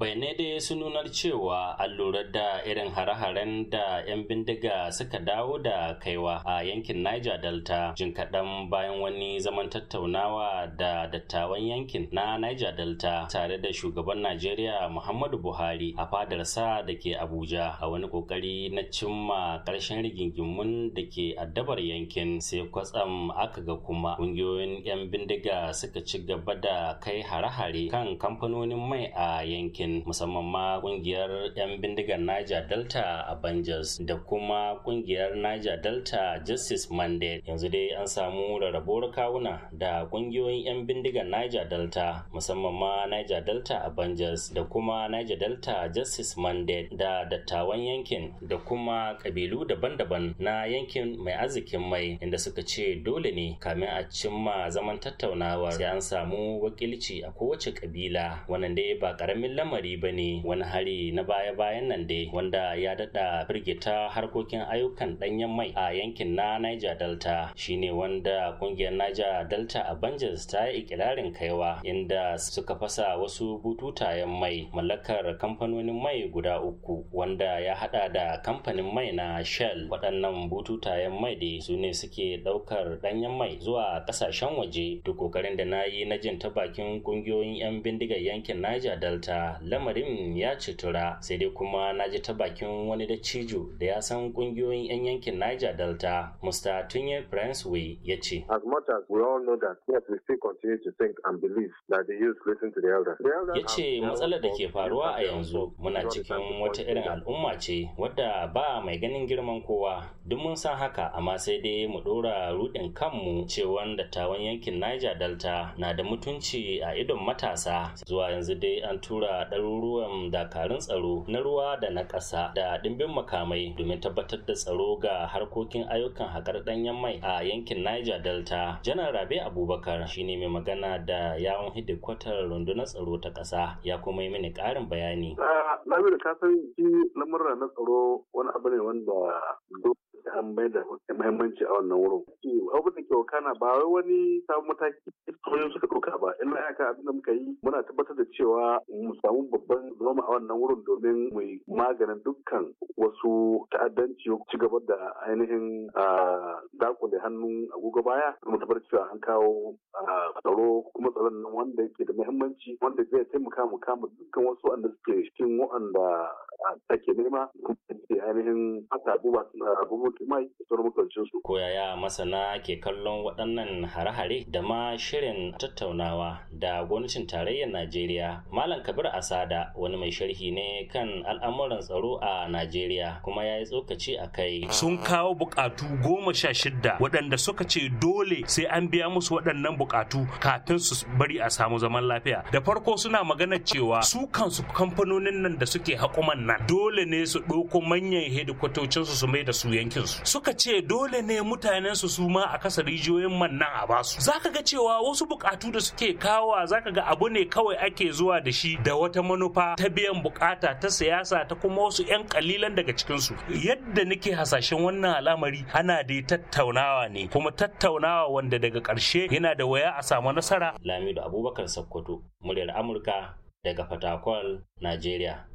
ne dai sun nunar cewa an lura da irin hare-haren da 'yan bindiga suka dawo da kaiwa a yankin niger delta jin kaɗan bayan wani zaman tattaunawa da dattawan yankin na niger delta tare da shugaban najeriya muhammadu buhari a fadarsa da ke abuja a wani kokari na cimma ƙarshen rigingimun da ke addabar yankin sai kwatsam aka ga kuma ƙungiyoyin 'yan bindiga suka ci gaba da kai hare-hare kan kamfanonin mai a yankin yakin musamman ma kungiyar 'yan bindigar niger delta avengers da kuma kungiyar niger delta justice mandate yanzu dai an samu rarrabuwar kawuna da kungiyoyin 'yan bindigar niger delta musamman ma niger delta avengers da kuma niger delta justice mandate da dattawan yankin da kuma kabilu daban-daban na yankin mai arzikin mai inda suka ce dole ne kamin a cimma zaman tattaunawar sai an samu wakilci a kowace kabila wannan dai ba ƙaramin lamarin al'amari ba ne wani hari na baya-bayan nan dai wanda ya dada firgita harkokin ayyukan danyen mai a yankin na niger delta shine wanda kungiyar niger delta avengers ta yi ikirarin kaiwa inda suka fasa wasu bututayen mai mallakar kamfanonin mai guda uku wanda ya hada da kamfanin mai na shell waɗannan bututayen mai dai su ne suke ɗaukar danyen mai zuwa ƙasashen waje duk ƙoƙarin da na yi na jin ta bakin ƙungiyoyin 'yan bindigar yankin niger delta lamarin ya citura sai dai kuma na ji ta bakin wani da cijo da ya san kungiyoyin 'yan yankin niger delta Mr. tunye princeway ya ce as much as we all know that we still continue to think and believe that the youth listen to the elders ya ce matsalar da ke faruwa a yanzu muna cikin wata irin al'umma ce wadda ba mai ganin girman kowa duk mun san haka amma sai dai mu dora rudin kanmu ce wanda dattawan yankin niger delta na da mutunci a idon matasa zuwa yanzu dai an tura ɗaruruwan dakarun tsaro na ruwa da na ƙasa da ɗimbin makamai domin tabbatar da tsaro ga harkokin ayyukan haƙar ɗanyen mai a yankin niger delta janar rabe abubakar shine mai magana da yawon hidikwatar rundunar tsaro ta ƙasa ya kuma yi mini ƙarin bayani. Ah, Lamiru ka san ji lamurra na tsaro wani abu ne wanda an mai da mahimmanci a wannan wurin. Abin da ke wakana ba wai wani sabon mataki sojojin suka ɗauka ba in na yaka abin da muka yi muna tabbatar da cewa mu samu babban zama a wannan wurin domin mu maganin dukkan wasu ta'addanci ci gaba da ainihin dakule hannun agogo baya mu tabbatar cewa an kawo tsaro kuma tsaron nan wanda yake da muhimmanci wanda zai taimaka mu kama dukkan wasu wanda suke cikin waɗanda ake nema ainihin haka abubuwa rabu mutu mai da sauran makamancin Ko yaya masana ke kallon waɗannan hare-hare da ma shirin tattaunawa da gwamnatin tarayyar Najeriya. Malam Kabir Asada wani mai sharhi ne kan al'amuran tsaro a Najeriya kuma ya yi tsokaci a kai. Sun kawo bukatu goma sha shidda waɗanda suka ce dole sai an biya musu waɗannan bukatu kafin su bari a samu zaman lafiya. Da farko suna maganar cewa su kansu kamfanonin nan da suke haƙuman na Iran dole ne su ɗauko manyan hedikwatocinsu su mai da su yankinsu suka ce dole ne mutanensu su ma a kasa rijiyoyin man nan a basu zaka ga cewa wasu bukatu da suke kawowa zaka ga abu ne kawai ake zuwa da shi da wata manufa ta biyan bukata ta siyasa ta kuma wasu 'yan kalilan daga su yadda nake hasashen wannan al'amari ana da tattaunawa ne kuma tattaunawa wanda daga ƙarshe yana da waya a samu nasara lamido abubakar sakkwato muryar amurka daga fatakwal najeriya